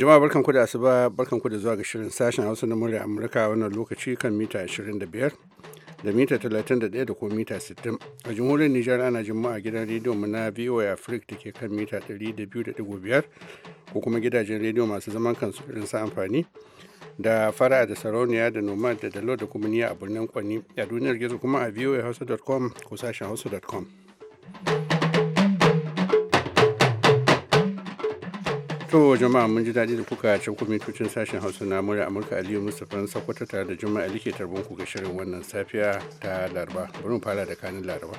Jama'a barkan ku da asuba barkan ku da zuwa ga shirin sashen Hausa na murya Amurka wannan lokaci kan mita 25 da mita 31 da ko mita 60. A jamhuriyar Nijar ana jama'a gidan rediyo mu na VOA Africa da ke kan mita 200.5 ko kuma gidajen rediyo masu zaman kansu irin sa amfani da fara da sarauniya da nomad da dalo da kuma niya a birnin kwani a duniyar gizo kuma a voahausa.com ko sashen hausa.com. to jama'a mun ji daɗi da kuka ci kwamitocin sashen hausa na murya amurka aliyu mustapha sakwata tare da juma'a like tarbon ku ga shirin wannan safiya ta laraba bari mu fara da kanin laraba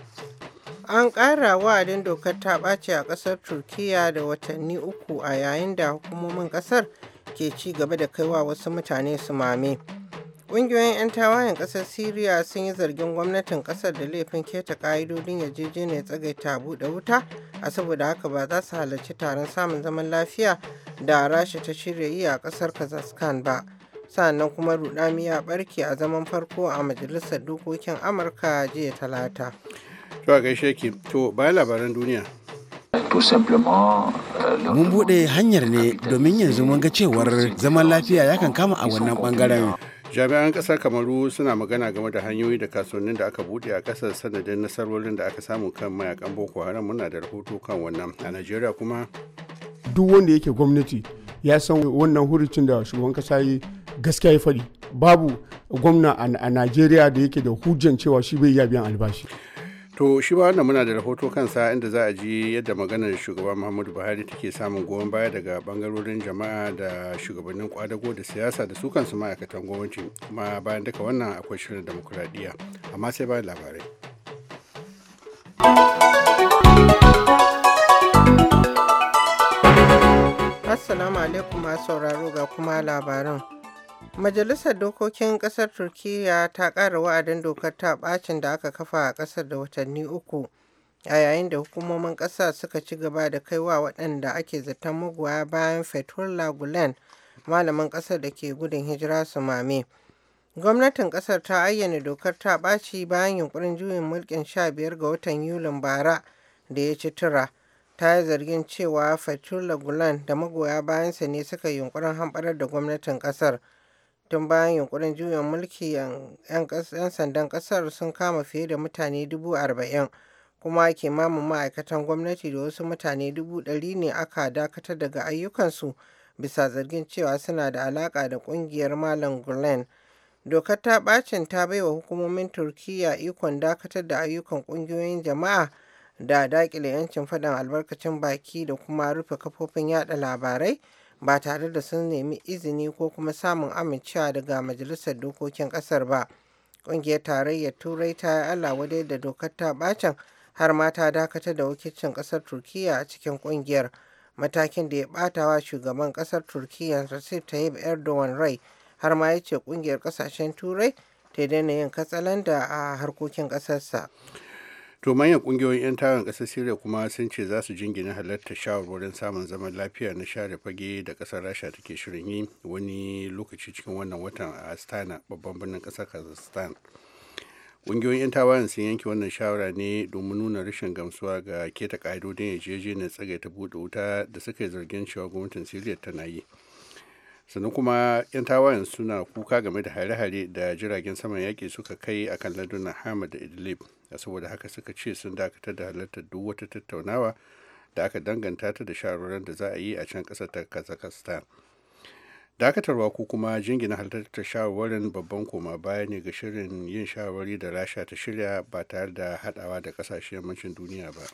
an ƙara wa'adin dokar ta ɓace a ƙasar turkiya da watanni uku a yayin da hukumomin ƙasar ke ci gaba da kaiwa wasu mutane su mame Ƙungiyoyin 'yan tawayen ƙasar Siriya sun yi zargin gwamnatin ƙasar da laifin keta ƙa'idodin yarjejeniyar tsagaita buɗe wuta a saboda haka ba za su halarci taron samun zaman lafiya da rasha ta shirya yi a kasar kazakhstan ba sannan kuma rudami ya barke a zaman farko a majalisar dokokin amurka jiya talata to a gaishe ki to bayan labaran duniya euh, mun buɗe hanyar ne domin yanzu mun ga cewar zaman lafiya ya kan kama a wannan bangaren jami'an ƙasar kamaru suna magana game da hanyoyi da kasuwannin da aka bude a kasar sanadin nasarorin da aka samu kan mayakan boko haram muna da rahoto kan wannan a najeriya kuma duk wanda yake gwamnati ya san wannan hurucin da shugaban kasa yi gaskiya ya fadi babu gwamna a najeriya da yake da hujjan cewa shi bai iya biyan albashi to shi ba wanda muna da rahoto kansa inda za a ji yadda maganar shugaba muhammadu buhari take samun goyon baya daga bangarorin jama'a da shugabannin kwadago da siyasa da su kansu ma'aikatan gwamnati kuma bayan duka wannan akwai shirin demokuraɗiyya amma sai bayan labarai assalamu alaikum masu sauraro ga kuma labaran Majalisar Dokokin Ƙasar Turkiyya ta ƙara wa'adin dokar ta bacin da aka kafa a ƙasar da watanni uku, a yayin da hukumomin ƙasa suka ci gaba da kaiwa waɗanda ake zaton magoya bayan Fethullah Gulen, malamin ƙasar da ke gudun hijira su mame. Gwamnatin ƙasar ta ayyana dokar ta ɓaci bayan yunkurin juyin mulkin sha-biyar ga watan Yulin bara da ya ci tura. ta yi zargin cewa Fethullah Gulen da magoya bayansa ne suka yunkurin hamɓarar da gwamnatin ƙasar Tun bayan yunƙurin juyin mulki, 'yan sandan ƙasar sun kama fiye da mutane dubu arba'in, kuma kimanin ma'aikatan gwamnati da wasu mutane dubu ɗari ne aka dakatar daga ayyukansu bisa zargin cewa suna da alaƙa da ƙungiyar Malam Gulen. Dokar ta ɓacin ta bai wa hukumomin Turkiyya ikon dakatar da ayyukan ƙungiyoyin jama'a da daƙile 'yancin faɗin albarkacin baki da kuma rufe kafofin yaɗa labarai ba tare da sun nemi izini ko kuma samun amincewa daga majalisar dokokin ƙasar ba ƙungiyar tarayyar turai ta yi allah wadai da dokar ta bacin har ma ta dakatar da wakilcin ƙasar turkiya a cikin ƙungiyar matakin da ya wa shugaban ƙasar turkiya recep tayyip erdogan rai har ma ya ce ƙungiyar ƙasashen turai ta daina yin katsalanda a harkokin ƙasarsa. to manyan kungiyoyin 'yan tarin kasar syria kuma sun ce za su jingina halartar shawarwarin samun zaman lafiya na share fage da kasar rasha take shirin yi wani lokaci cikin wannan watan a astana babban birnin kasar kazakhstan kungiyoyin 'yan tawayen sun yanke wannan shawara ne domin nuna rashin gamsuwa ga keta ka'idodin yarjejeniyar tsagaita buɗe wuta da suka yi zargin cewa gwamnatin syria tana yi sannan kuma 'yan tawayen suna kuka game da hare-hare da jiragen saman yaƙi suka kai a kan landunan hamad da idlib a saboda haka suka ce sun dakatar da halartar duk wata tattaunawa da aka danganta ta da shawarwaran da za a yi a can ƙasar ta kazakhstan dakatarwa ko kuma jingina halartar shawarwarin babban koma baya ne ga shirin yin shawarwari da rasha ta shirya ba tare da haɗawa da ƙasashen yammacin duniya ba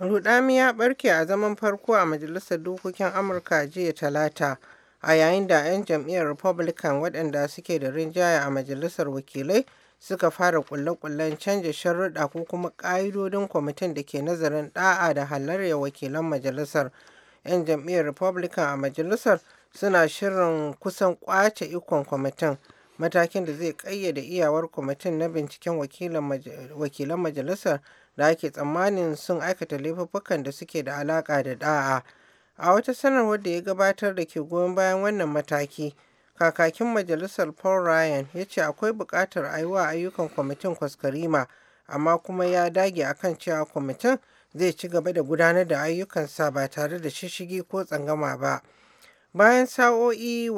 rudami ya barke a zaman farko a majalisar dokokin amurka jiya talata a yayin da 'yan jam'iyyar republican waɗanda suke da rinjaya a majalisar wakilai suka fara kulle-kullen canja sharuɗa ko kuma ƙa'idodin kwamitin da ke nazarin ɗa'a da halayyar wakilan majalisar 'yan jam'iyyar republican a majalisar suna shirin kusan kwace ikon kwamitin matakin da zai ƙayyade iyawar kwamitin na binciken wakilan majalisar da ake tsammanin sun aikata laifuffukan da suke da alaƙa da ɗa'a. A wata sanarwar da ya gabatar da ke goyon bayan wannan mataki, kakakin majalisar Paul Ryan ya ce akwai buƙatar a yi wa ayyukan kwamitin Kwaskarima amma kuma ya dage akan cewa kwamitin zai ci gaba da gudanar da ayyukansa ba tare da shishigi ko tsangama ba. Bayan sa'o'i eh,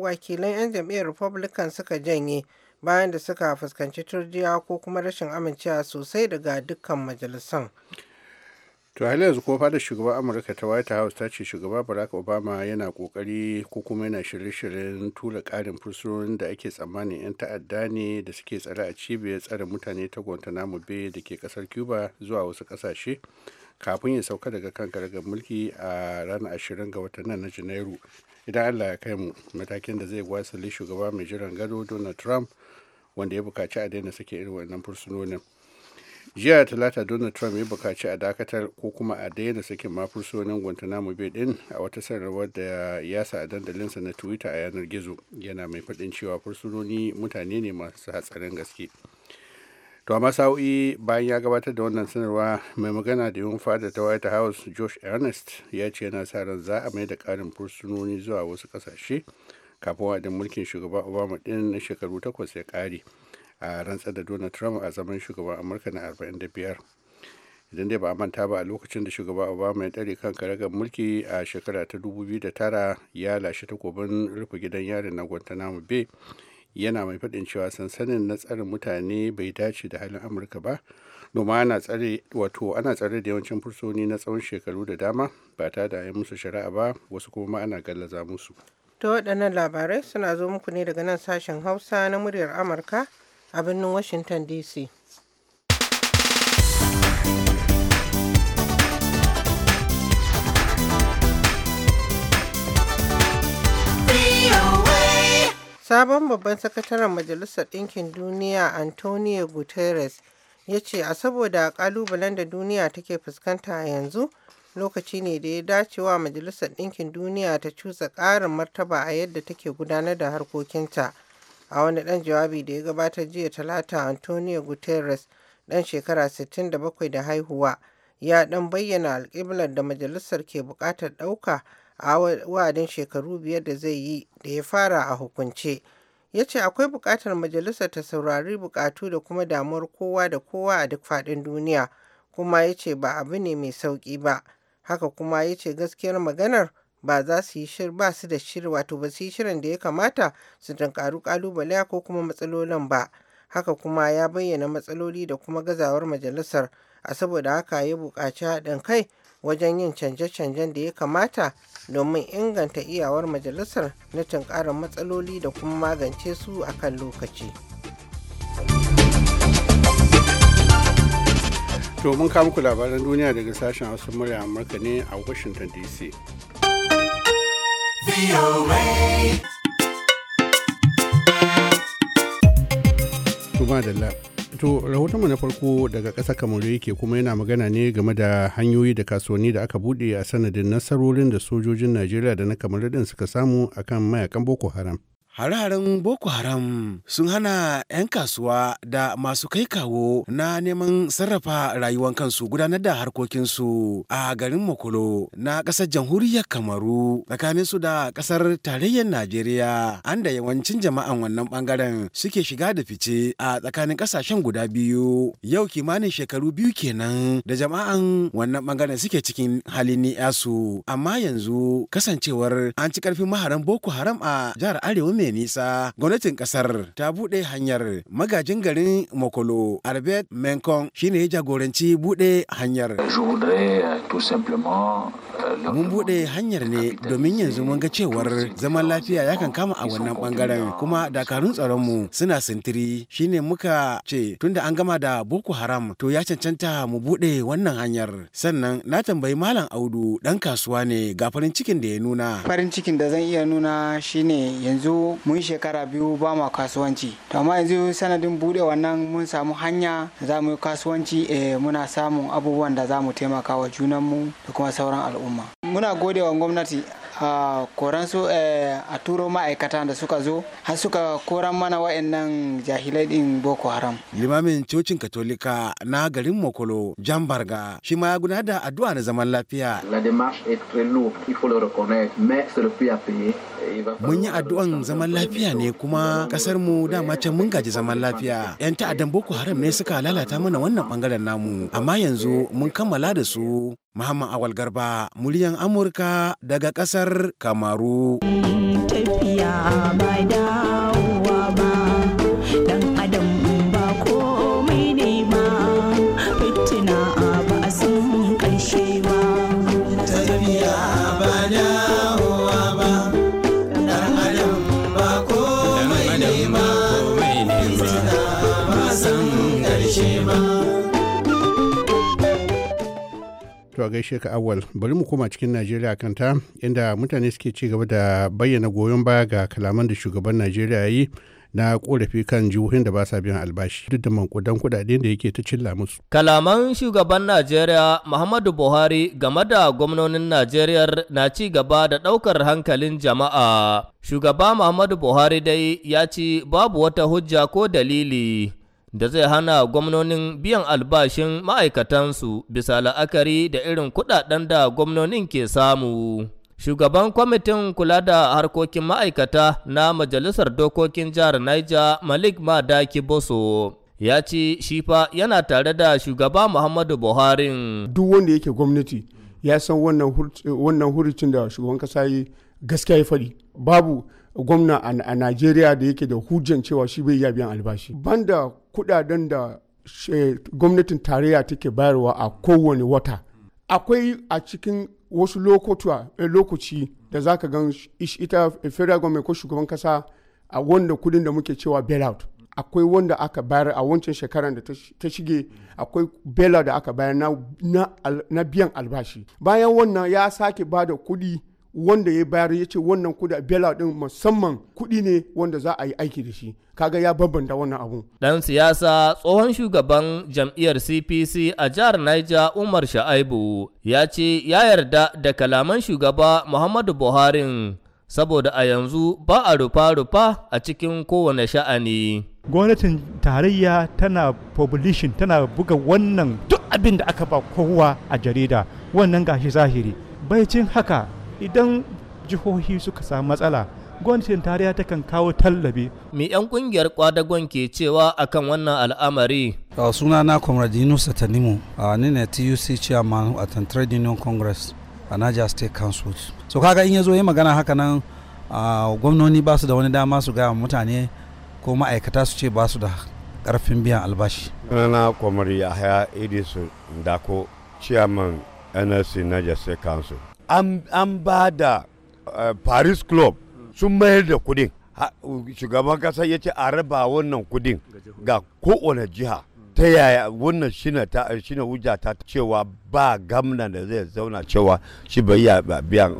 wakilan 'yan jam'iyyar Republican suka janye bayan da suka fuskanci turjiya ko kuma rashin amincewa sosai daga dukkan majalisan. to hali yanzu ko fadar shugaban amurka ta white house ta ce shugaba barack obama yana kokari ko kuma yana shirye-shiryen tura karin fursunonin da ake tsammani 'yan ta'adda ne da suke tsare a cibiyar tsarin mutane ta guantanamo bay da ke kasar cuba zuwa wasu kasashe kafin ya sauka daga kan gargar mulki a ranar ashirin ga watan nan na janairu idan allah ya kai mu matakin da zai gwasali shugaba mai jiran gado donald trump wanda ya bukaci a daina sake irin wannan fursunonin jiya talata donald trump ya bukaci a dakatar ko kuma a daina sakin mafursonin guantanamo bay din a wata sanarwar da ya sa a dandalinsa na twitter a yanar gizo yana mai faɗin cewa fursunoni mutane ne masu hatsarin gaske to amma sa'o'i bayan ya gabatar da wannan sanarwa mai magana da yawan fada ta white house josh ernest ya ce yana sa ran za a mai da ƙarin fursunoni zuwa wasu ƙasashe kafin wa'adin mulkin shugaba obama din na shekaru takwas ya ƙare a rantsar da donald trump a zaman shugaban amurka na 45 idan dai ba a manta ba a lokacin da shugaba obama ya tsare kan karagar mulki a shekara ta da tara ya lashe takobin rufe gidan yarin na guantanamo bay yana mai faɗin cewa sansanin na tsarin mutane bai dace da halin amurka ba noma ana tsare wato ana tsare da yawancin fursoni na tsawon shekaru da dama ba ta da yi musu shari'a ba wasu kuma ana gallaza musu to waɗannan labarai suna zo muku ne daga nan sashen hausa na muryar amurka a birnin Washington DC. Sabon babban sakataren Majalisar Ɗinkin Duniya Antonio Guterres ya ce a saboda ƙalubalen da duniya take fuskanta yanzu lokaci ne da ya dacewa wa Majalisar Ɗinkin Duniya ta cusa ƙarin martaba a yadda take gudanar da harkokinta. a wani ɗan jawabi da ya gabata jiya talata antonio guterres ɗan shekara 67 da haihuwa ya ɗan bayyana alkiblar da majalisar ke buƙatar ɗauka a wa'adin shekaru biyar da zai yi da ya fara a hukunce ya ce akwai buƙatar majalisar ta saurari bukatu da kuma damuwar kowa da kowa a duk faɗin duniya kuma ya ce ba abu ne mai sauƙi ba haka kuma ya ce gaskiyar maganar ba za su yi ba su da shiri wato ba su yi shirin da ya kamata su tunkaru kalubale ko kuma matsalolin ba haka kuma ya bayyana matsaloli da kuma gazawar majalisar a saboda haka ya buƙaci haɗin kai wajen yin canje-canjen da ya kamata domin inganta iyawar majalisar na tunkarar matsaloli da kuma magance su a kan lokaci. domin mun kawo labaran duniya daga sashen Hausa murya Amurka ne a Washington DC. to rahoton To rahotonmu na farko daga ƙasar kamaru yake kuma yana magana ne game da hanyoyi da kasuwanni da aka buɗe a sanadin nasarorin da sojojin Najeriya da na kamaru din suka samu akan mayakan Boko Haram. Hararen Boko Haram sun hana 'yan kasuwa da masu kai kawo na neman sarrafa rayuwar kansu gudanar da harkokinsu a garin Makolo na ƙasar jamhuriyar Kamaru tsakanin su da ƙasar tarayyar Najeriya an da yawancin jama'an wannan bangaren suke shiga da fice a tsakanin ƙasashen guda biyu yau kimanin shekaru biyu kenan da jama'an wannan bangaren suke cikin halin ni'yasu amma yanzu kasancewar an ci ƙarfin maharan Boko Haram a jihar Arewa mai mai nisa gwamnatin kasar ta buɗe hanyar magajin garin Mokolo Albert Menkon shine ya jagoranci buɗe hanyar. mun buɗe hanyar ne domin yanzu mun ga cewar zaman lafiya ya kan kama a wannan bangaren kuma dakarun tsaronmu suna sintiri shine muka ce tunda an gama da boko haram to ya cancanta mu buɗe wannan hanyar sannan na tambayi malam audu ɗan kasuwa ne ga farin cikin da ya nuna farin cikin da zan iya nuna shine yanzu mun shekara biyu ba mu kasuwanci to amma yanzu sanadin buɗe wannan mun samu hanya za mu yi kasuwanci eh, muna samun abubuwan da za mu taimaka wa junanmu da kuma sauran al'umma al'umma muna gode wa gwamnati a koran su eh, a turo ma'aikata da suka zo har suka koran mana wa'annan jahilai din boko haram limamin cocin katolika na garin mokolo jan barga shi ma ya gudanar da addu'a na zaman lafiya mun yi addu'an zaman lafiya ne kuma kasar mu dama can mun gaji zaman lafiya yan ta'addan boko haram ne suka lalata mana wannan bangaren namu amma yanzu mun kammala da su Muhammad Awal Garba, muryan Amurka daga ƙasar Kamaru. Tafiya To a gaishe ka awal bari mu koma cikin Najeriya kanta inda mutane suke ci gaba da bayyana goyon baya ga kalaman da shugaban Najeriya ya yi na korafi kan jihohin da ba sa biyan albashi duk da mankudan kudaden da yake ta cilla musu. Kalaman shugaban Najeriya Muhammadu Buhari game da gwamnonin Najeriya na ci gaba da ɗaukar hankalin jama'a. Shugaba Muhammadu Buhari dai ya ci babu wata hujja ko dalili da zai hana gwamnonin biyan albashin ma'aikatansu bisa la'akari da irin kuɗaɗen da gwamnonin ke samu. Shugaban kwamitin kula da harkokin ma'aikata na Majalisar Dokokin Jihar Niger Malik Madaki Boso ya ce shi fa yana tare da shugaba Muhammadu Buhari. Duk wanda yake gwamnati ya san wannan hurucin da shugaban kasa yi gaskiya ya faɗi. Babu gwamna a Najeriya da yake da hujjan cewa shi bai iya albashi. Banda kudaden da gwamnatin tarayya take bayarwa a kowane wata akwai a cikin wasu eh, lokaci da za ka gan ita eh, federal government ko shugaban kasa a wanda kudin da muke cewa bailout akwai wanda aka bayar a wancan shekaran da ta shige akwai bailout da aka bayar na, biyan albashi bayan wannan ya sake ba da kudi wanda ya bayar ya ce wannan kuɗi bela din musamman kuɗi ne wanda za a yi aiki da shi kaga ya babbanta wannan abun. Dan siyasa tsohon shugaban jam'iyyar CPC a jihar Niger Umar Sha'aibu ya ce ya yarda da kalaman shugaba Muhammadu Buhari saboda a yanzu ba a rufa-rufa a cikin kowane sha'ani. Gwamnatin tarayya tana publishing tana buga wannan duk abin da aka ba kowa a jarida wannan gashi zahiri. bai cin haka idan jihohi suka samu matsala gwamnatin ta kan kawo tallabi. Me 'yan kungiyar kwadagon ke cewa akan wannan al'amari? A suna na Comrade Yunus Satanimu, a ni ne TUC chairman a Trade Union Congress a Niger State Council. So kaga in ya zo magana haka nan gwamnoni ba su da wani dama su gaya mutane ko ma'aikata su ce ba su da karfin biyan albashi. na Comrade Yahaya Idris Ndako, chairman NSC Niger State Council. an ba da eh, paris club sun mayar da kudin shugaban kasa ya ce a raba wannan kudin ga kowane jiha ta yaya wannan shine ta wuja ta cewa ba gamna da zai zauna cewa shi bai iya biyan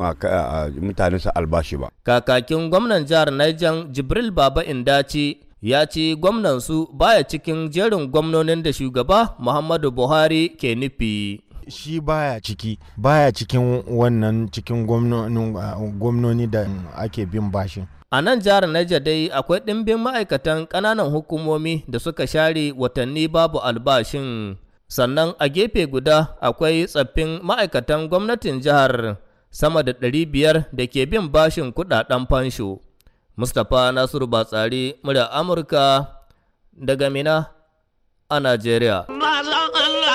mutanen sa albashi ba kakakin gwamnan jihar Niger Jibril Baba Indaci ya ce gwamnan su baya cikin jerin gwamnonin da shugaba Muhammadu Buhari ke nufi shi baya ciki baya cikin wannan cikin gwamnoni da ake bin bashin a nan jihar Niger dai akwai ɗimbin ma'aikatan ƙananan hukumomi da suka share watanni babu albashin sannan a gefe guda akwai tsaffin ma'aikatan gwamnatin jihar sama da ɗari biyar da ke bin bashin kuɗaɗen fansho mustapha nasiru batsari murya amurka daga mina a najeriya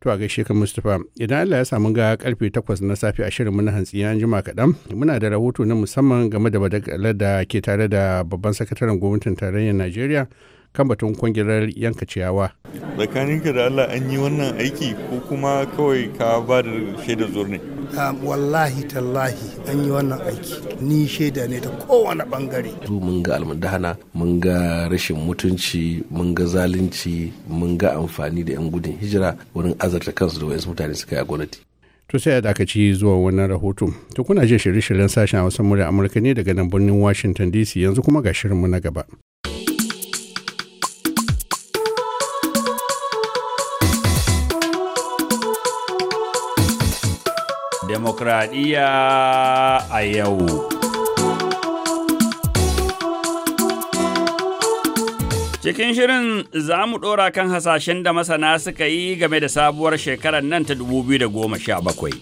To a gaishe ka Mustapha, idan Allah ya samu ga karfe 8 na safe a shirin na hantsi na jima kaɗan, muna da rahoto na musamman game da badagalar da ke tare da babban sakataren gwamnatin tarayyar Najeriya kan batun kungiyar yanka ciyawa. Tsakaninka da Allah an yi wannan aiki ko kuma kawai ka ba da shaida zuwa ne? wallahi tallahi an yi wannan aiki ni shaida ne ta kowane bangare. mun ga almadahana mun ga rashin mutunci mun ga zalunci mun ga amfani da 'yan gudun hijira wurin azarta kansu da wayansu mutane suka yi a gwamnati. to sai a dakaci zuwa wannan rahoto to kuna jin shirye-shiryen sashen a wasan murya amurka ne daga nan birnin washington dc yanzu kuma ga shirinmu na gaba demokradiyya a yau. Cikin shirin za mu ɗora kan hasashen da masana suka yi game da sabuwar shekarar nan ta 2017.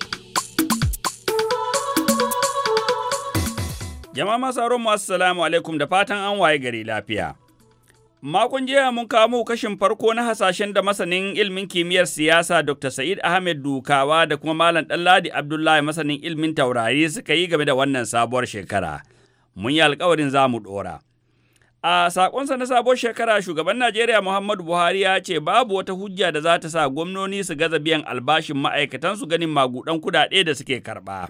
Jama'a masu mu as-salamu alaikum da fatan an waye gari lafiya. Makon jiya mun kawo kashin farko na hasashen da masanin ilmin kimiyyar siyasa Dr. Sa'id Ahmed Dukawa da kuma Malam Ɗanladi Abdullahi masanin ilmin taurari suka yi game da wannan sabuwar shekara. Mun yi alkawarin za mu ɗora. A sakonsa na sabuwar shekara shugaban Najeriya Muhammadu Buhari ya ce babu wata hujja da za ta sa gwamnoni su gaza biyan albashin ma'aikatan su ganin magudan kuɗaɗe da suke karɓa.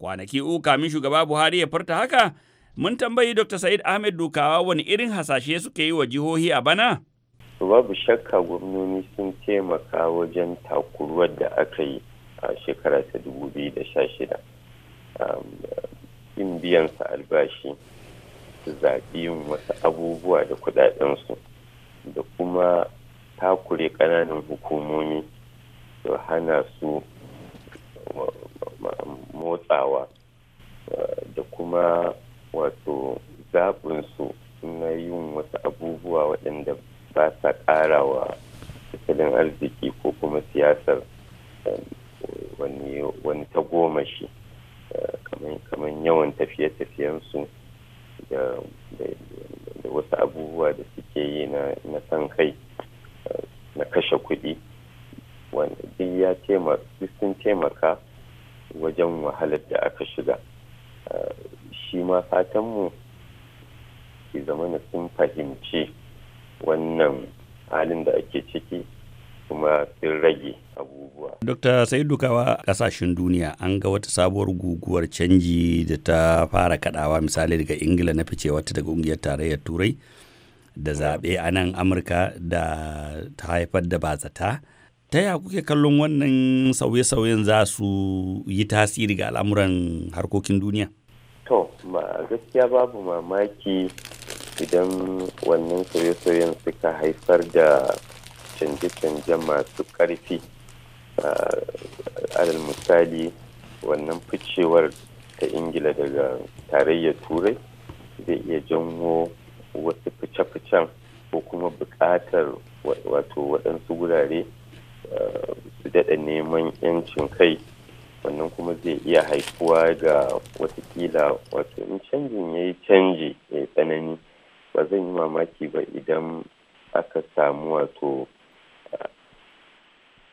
Kwanaki uku kamin shugaba Buhari ya furta haka, Mun tambayi Dr. Said Ahmed Dukawa wani irin hasashe suke yi wa jihohi a bana? Babu shakka gwamnoni sun taimaka wajen takuruwar da aka yi a shekara ta biyu da 2016. biyan biyansa albashi, zaɓi wasu abubuwa da kuɗaɗensu da kuma takure ƙananan hukumomi da hana su motsawa da kuma wato zaɓinsu na yin wasu abubuwa waɗanda ba sa ƙara wa tattalin arziki ko kuma siyasar um, wani tagomashi uh, kamar yawan tafiye-tafiyensu da wasu abubuwa da suke yi na san kai uh, na kashe kuɗi wanda duk sun taimaka wajen wahalar da aka shiga. shi ma fatanmu ke zamana sun fahimci wannan halin da ake ciki kuma sun rage abubuwa. Dokta Sa'id Dukawa kasashen duniya an ga wata sabuwar guguwar canji da ta fara kadawa misali daga Ingila na fice wata daga ƙungiyar tarayyar Turai da zaɓe a nan Amurka da ta haifar da bazata. ta ya kuke kallon wannan sauye-sauyen za su yi tasiri ga al'amuran harkokin duniya to ma gaskiya babu mamaki idan wannan sauye-sauyen suka haifar da canje-canje masu ƙarfi alal misali wannan ficewar ta ingila daga tarayyar turai zai iya janwo wasu fice-ficen ko kuma buƙatar wato waɗansu wurare su daɗa neman 'yancin kai wannan kuma zai iya haifuwa ga watakila wato in canjin ya yi canji ya tsanani ba zan yi mamaki ba idan aka samu wato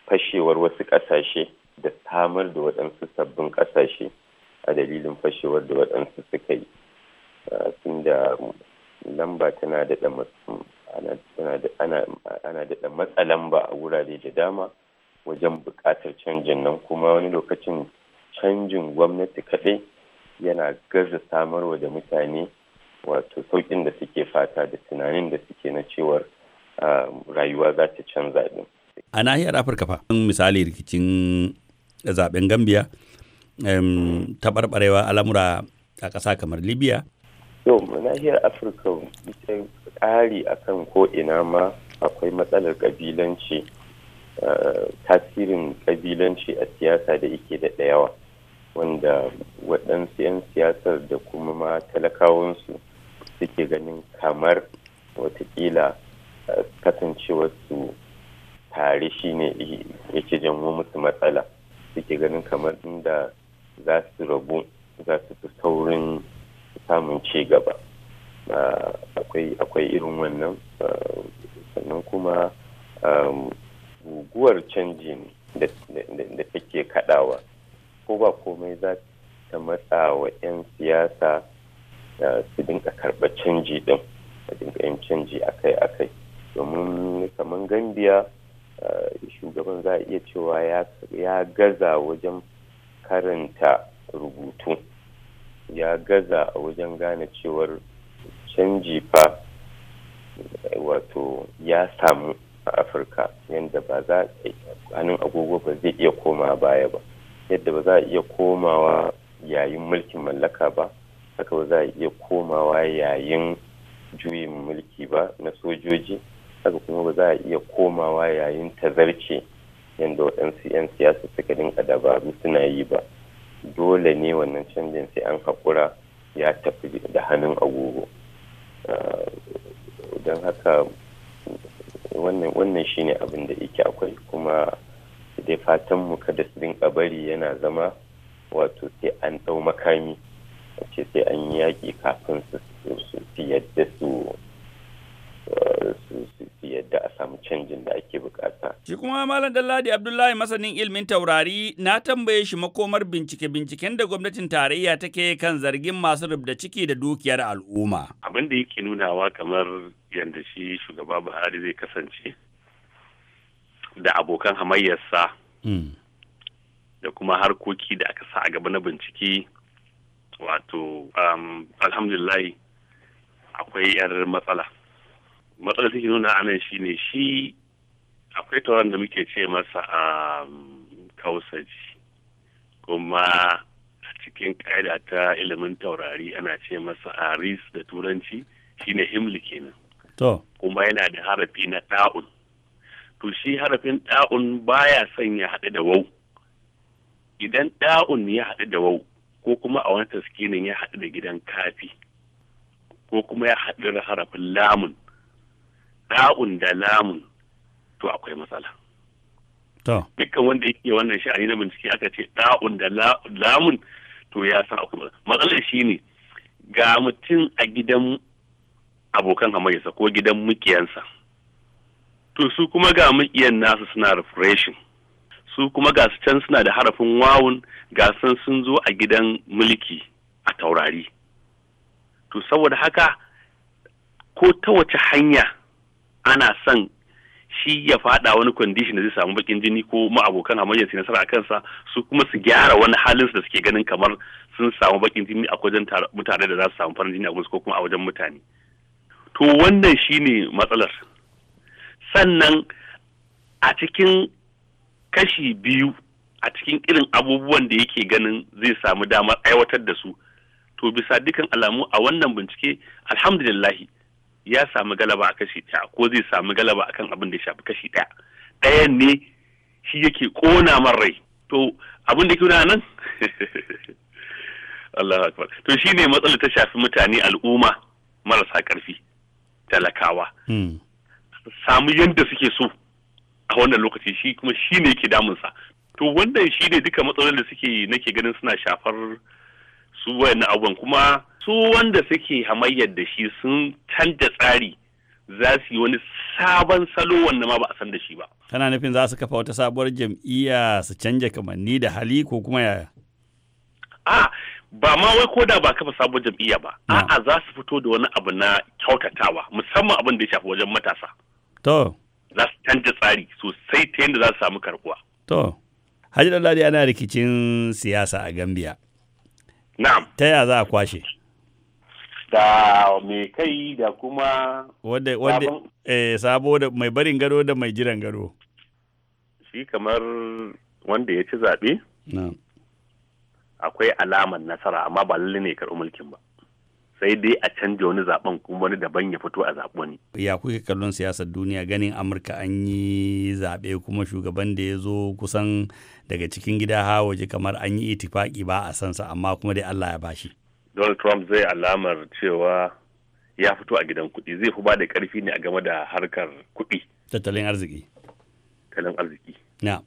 fashewar wasu ƙasashe da samar da waɗansu sabbin ƙasashe a dalilin fashewar da waɗansu suka yi sun da lamba tana daɗa ana daɗa matsa lamba a wurare da dama wajen buƙatar canjin nan kuma wani lokacin canjin gwamnati kaɗai yana gaza samarwa da mutane wato sauƙin da suke fata da tunanin da suke na cewar rayuwa za ta canza ɗin. A nahiyar Afirka fa misali rikicin zaben Gambia taɓarɓarewa al'amura a ƙasa kamar Libya to nahiyar afirka ita ƙari akan ko ina ma akwai matsalar ƙabilanci eh, tasirin ƙabilanci a siyasa da yake da yawa wanda waɗansu 'yan siyasar da kuma ma talakawansu suke ganin kamar watakila eh, su tare shi ne yake janwo musu matsala suke ganin kamar inda za su rabu za su fi saurin samun ci gaba ah, akwai irin wannan ah, sannan kuma ah, guguwar canji da take kadawa ko ba komai za ta matsa wa 'yan siyasa su dinka karba canji din a dinka 'yan canji akai-akai domin kamar gambiya shugaban za a iya cewa ya gaza wajen karanta rubutu ya gaza a wajen gane cewar canji fa wato ya samu a afirka yadda ba za hannun agogo ba zai iya koma baya ba yadda ba za a iya komawa yayin mulkin mallaka ba haka ba za a iya komawa yayin juyin mulki ba na sojoji haka kuma ba za a iya komawa yayin tazarce yadda waɗansu 'yan siyasa suka dinka dabaru suna yi ba dole ne wannan canjin sai an haƙura ya tafi da hannun agogo eh, don haka wannan shine abin da yake akwai kuma dai fatan mu kada su rinka bari yana zama wato sai an ɗau makami ce sai an yaƙi kafin su yadda su yadda a samu canjin da ake bukata. Shi kuma Malam Dalladi Abdullahi masanin ilmin taurari na tambaye shi makomar bincike-binciken da gwamnatin tarayya take kan zargin masu rubda ciki da dukiyar al'umma. Abin da yake nunawa kamar yadda shi shugaba Buhari zai kasance da abokan hamayyarsa hmm. da kuma harkoki da aka sa a gaba na bincike wato um, alhamdulillah akwai 'yar matsala. matsalar take nuna anan shi ne shi akwai tauran da muke ce masa a um, kausaji kuma a cikin ƙa'ida ta ilimin taurari ana ce masa a uh, ris da turanci shi ne himli kenan kuma yana da harafi na ɗa'un to shi harafin ɗa'un baya son ya haɗu da wau idan ɗa'un ya haɗu da wau ko kuma a wani taskinin ya haɗu da gidan kafi ko kuma ya haɗu da harafin lamun da'un da lamun to akwai matsala dukkan wanda yake wannan sha'ani na bincike aka ce da'un da lamun to ya san akwai matsalar shi ne ga mutum a gidan abokan hamayyarsa ko gidan mukiyansa to su kuma ga mukiyan nasu suna refreshing su kuma ga su can suna da harafin wawun ga san sun zo a gidan mulki a taurari to saboda haka ko ta wace hanya ana son shi ya fada wani kwandishin da zai samu bakin jini ko ma abokan hamayyar su nasara a kansa su kuma su gyara wani halin su da suke ganin kamar sun samu bakin jini a wajen mutane da za su samu farin jini a ko kuma a wajen mutane to wannan shi ne matsalar sannan a cikin kashi biyu a cikin irin abubuwan da yake ganin zai samu damar aiwatar da su to bisa dukan alamu a wannan bincike alhamdulillahi ya samu galaba a kashi ɗaya ko zai samu galaba akan abin da ya shafi kashi ɗaya ɗayan ne shi yake ƙona man rai to abin da kuna nan Allah akbar to ne matsala ta shafi mutane al'umma marasa ƙarfi talakawa hmm. samu yadda suke so a wannan lokaci shi kuma ne yake damunsa to wannan shi ne duka matsalolin da suke nake ganin suna shafar su na abun kuma su wanda suke hamayyar da shi sun canja tsari za su yi wani sabon salo wanda ma ba a san da shi ba. Kana nufin za su kafa wata sabuwar jam'iyya su canja kamanni da hali ko kuma yaya? A ba ma wai koda ba kafa sabuwar jam'iyya ba. A'a za su fito da wani abu na kyautatawa musamman abin da ya shafi wajen matasa. To. Za su canja tsari sosai ta yadda za su samu karbuwa. To. Hajji Dallari ana rikicin siyasa a Gambia. na'am ta ya za a kwashe da mai kai da kuma wanda wanda eh sabo da mai barin gado da mai jiran gado shi kamar wanda ya ci zaɓe akwai alamar nasara amma ba lalle ne karɓi mulkin ba sai dai a canja wani zaben kuma wani daban ya fito a zaɓi wani. Ya kuke kallon siyasar duniya ganin Amurka an yi zaɓe kuma shugaban da ya zo kusan daga cikin gida ha waje kamar an yi itifaki ba a sansa amma kuma dai Allah ya bashi. Donald Trump zai alamar cewa ya fito a gidan kuɗi zai fi ba da ƙarfi ne a game da harkar kuɗi. Tattalin arziki. Tattalin arziki. Na.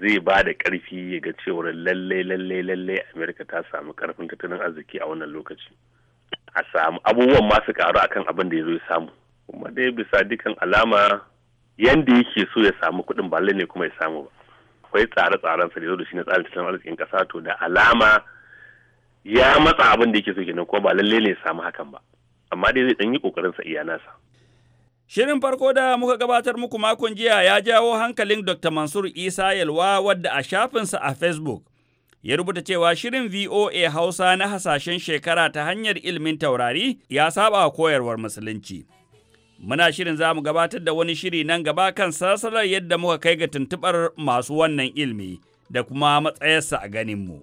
zai ba da ƙarfi ya ga cewar lalle lalle lalle amerika ta samu karfin tattalin arziki a wannan lokaci a samu abubuwan masu karu akan abin da ya zo ya samu kuma dai bisa dukan alama yanda yake so ya samu kuɗin ba ne kuma ya samu ba akwai tsare-tsaren sa da zo da shi na tsarin tattalin arzikin ƙasa to da alama ya matsa abin da yake so kenan kuma ba lalle ne ya samu hakan ba amma dai zai ɗan yi ƙoƙarin sa iya nasa Shirin farko da muka gabatar muku makon jiya ya jawo hankalin Dr. Mansur Isa Yalwa wadda a shafinsa a Facebook ya rubuta cewa shirin VOA Hausa na hasashen shekara ta hanyar ilmin taurari ya saba koyarwar musulunci. Muna shirin za mu gabatar da wani shiri nan gaba kan sarsarar yadda muka kai ga tuntuɓar masu wannan ilmi da kuma matsayarsa a ganinmu.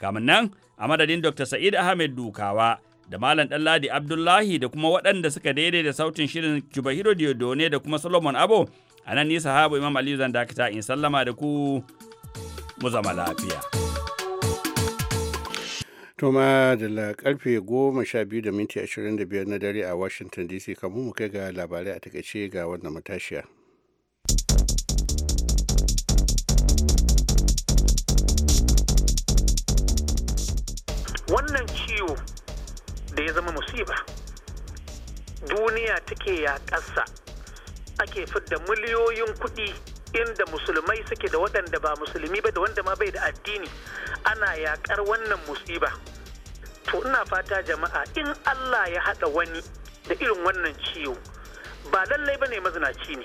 Kamin nan, a madadin Dr. Sa'id Ahmed Dukawa, da Malam Ɗanladi Abdullahi da kuma waɗanda suka daidai da sautin shirin Jubahiro Diodone da kuma Solomon Abo, a nan ni sahabu Imam Aliyu zan dakata in sallama da ku mu zama lafiya. Tuma da karfe goma sha biyu da minti ashirin da biyar na dare a Washington DC kamun mu kai ga labarai a takaice ga wannan matashiya. Wannan ciwo da ya zama musiba duniya take ya ƙasa ake fidda miliyoyin kuɗi inda musulmai suke da waɗanda ba musulmi ba da wanda ma bai da addini ana yaƙar wannan musiba to ina fata jama'a in Allah ya haɗa wani da irin wannan ciwo ba lallai ba ne mazinaci ne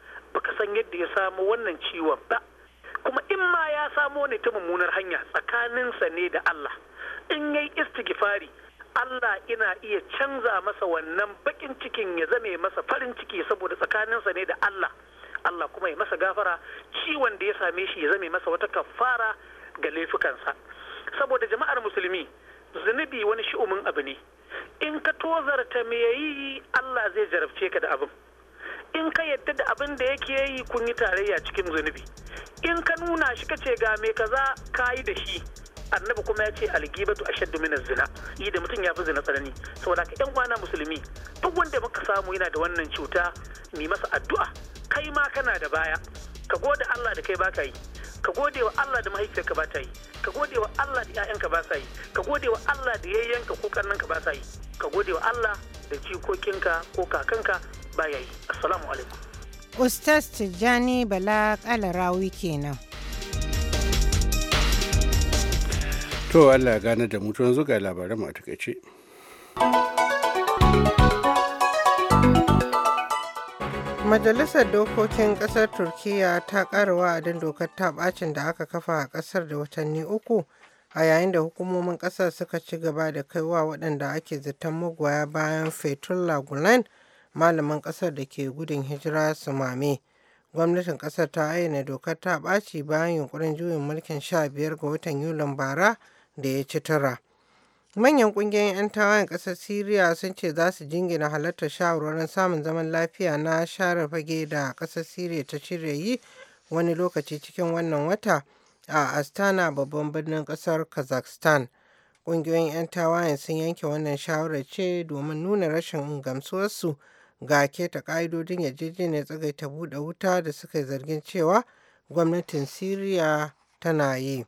baka san yadda ya samu wannan ciwon ba kuma in ma ya samo ne ta mummunar hanya tsakaninsa ne da Allah in yayi istighfari Allah ina iya canza masa wannan bakin cikin ya zame masa farin ciki saboda tsakaninsa ne da Allah Allah kuma ya masa gafara ciwon da ya same shi ya zame masa wata kafara ga laifukansa saboda jama'ar musulmi zunubi wani shi'umin abu ne in ka tozarta me yayi Allah zai jarabce ka da abin in ka yadda da abin da yake yi kun yi tarayya cikin zunubi in ka nuna shi ka ce ga me kaza ka yi da shi annabi kuma ya ce algibatu ashaddu min zina yi da mutum ya fi zina tsanani saboda ka yan kwana musulmi duk wanda muka samu yana da wannan cuta mi masa addu'a kai ma kana da baya ka gode Allah da kai baka yi ka gode wa Allah da mahaifiyarka ba ta yi ka gode wa Allah da 'ya'yanka ba sa yi ka gode wa Allah da yayyanka ko karnanka ba sa yi ka gode wa Allah da jikokinka ko kakanka ustas assalamu alaikum ustaz tijjani bala kalarawi kenan to allah gane da mutu yanzu ga labaran mu a takaice majalisar dokokin kasar turkiya ta ƙara wa'adin dokar ta bacin da aka kafa a kasar da watanni uku a yayin da hukumomin kasar suka ci gaba da kaiwa waɗanda ake zaton magoya bayan fetullah gulen malamin ƙasar da ke gudun hijira mame. gwamnatin ƙasar ta ayyana dokar ta ɓaci bayan yunkurin juyin mulkin sha biyar ga watan yulin bara da ya ci tara manyan ƙungiyoyin 'yan tawayen ƙasar siriya sun ce za su jingina halartar shawarwarin samun zaman lafiya na share fage da ƙasar siriya ta shirya yi wani lokaci cikin wannan wata a astana babban birnin ƙasar kazakhstan ƙungiyoyin 'yan tawayen sun yanke wannan shawarar ce domin nuna rashin gamsuwarsu ga keta ƙa'idodin yarjejeniyar tsagaita buɗe wuta da suka yi zargin cewa gwamnatin Siriya tana yi.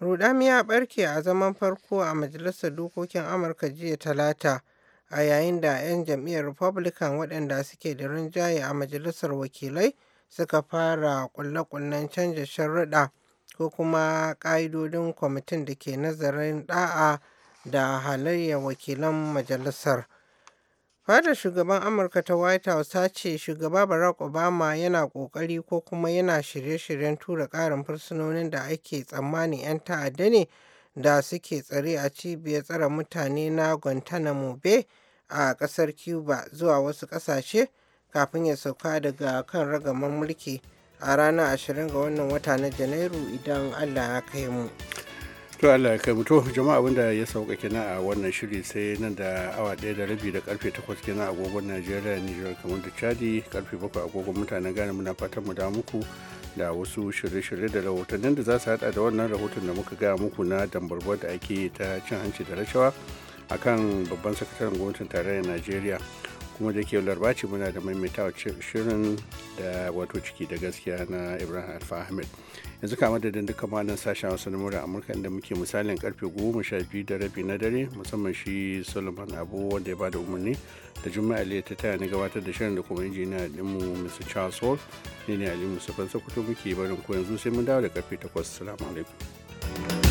Rudami ya barke a zaman farko a Majalisar Dokokin Amurka jiya Talata a yayin da 'yan jam'iyyar Republican waɗanda suke da rinjaye a Majalisar Wakilai suka fara ƙulle-ƙullen canja sharuɗa ko kuma ƙa'idodin kwamitin da ke nazarin ɗa'a da halayyar wakilan majalisar. Fadar Shugaban Amurka ta White House ta ce Shugaba Barack Obama yana ƙoƙari ko kuma yana shirye-shiryen tura ƙarin fursunonin da ake tsammanin 'yan ta'adda ne da suke tsare a cibiyar tsare mutane na Guantanamo Bay a ƙasar Cuba zuwa wasu ƙasashe kafin ya sauka daga kan ragaman mulki a ranar 20 ga wannan wata na Janairu idan Allah ya kai mu. to Allah ya kai mu to jama'a abinda ya sauka kenan a wannan shiri sai nan da awa ɗaya da rabi da karfe takwas kenan agogon Najeriya Nijar kamar da Chadi karfe bakwai agogon mutanen Ghana muna fatan mu da muku da wasu shirye-shirye da rahotannin da za su haɗa da wannan rahoton da muka gaya muku na dambarba da ake ta cin hanci da rashawa akan babban sakataren gwamnatin tarayyar Najeriya kuma da ke larba ce muna da maimaitawa shirin da wato ciki da gaskiya na ibrahim alfa ahmed yanzu kama da duka malam sashen wasu na amurka inda muke misalin karfe goma sha biyu da rabi na dare musamman shi solomon abu wanda ya bada umarni da juma'a liya ta taya na gabatar da shirin da kuma injiniya dinmu mr charles hall ne ne alimu musafan sakuto muke barin ko yanzu sai mun dawo da karfe takwas salamu alaikum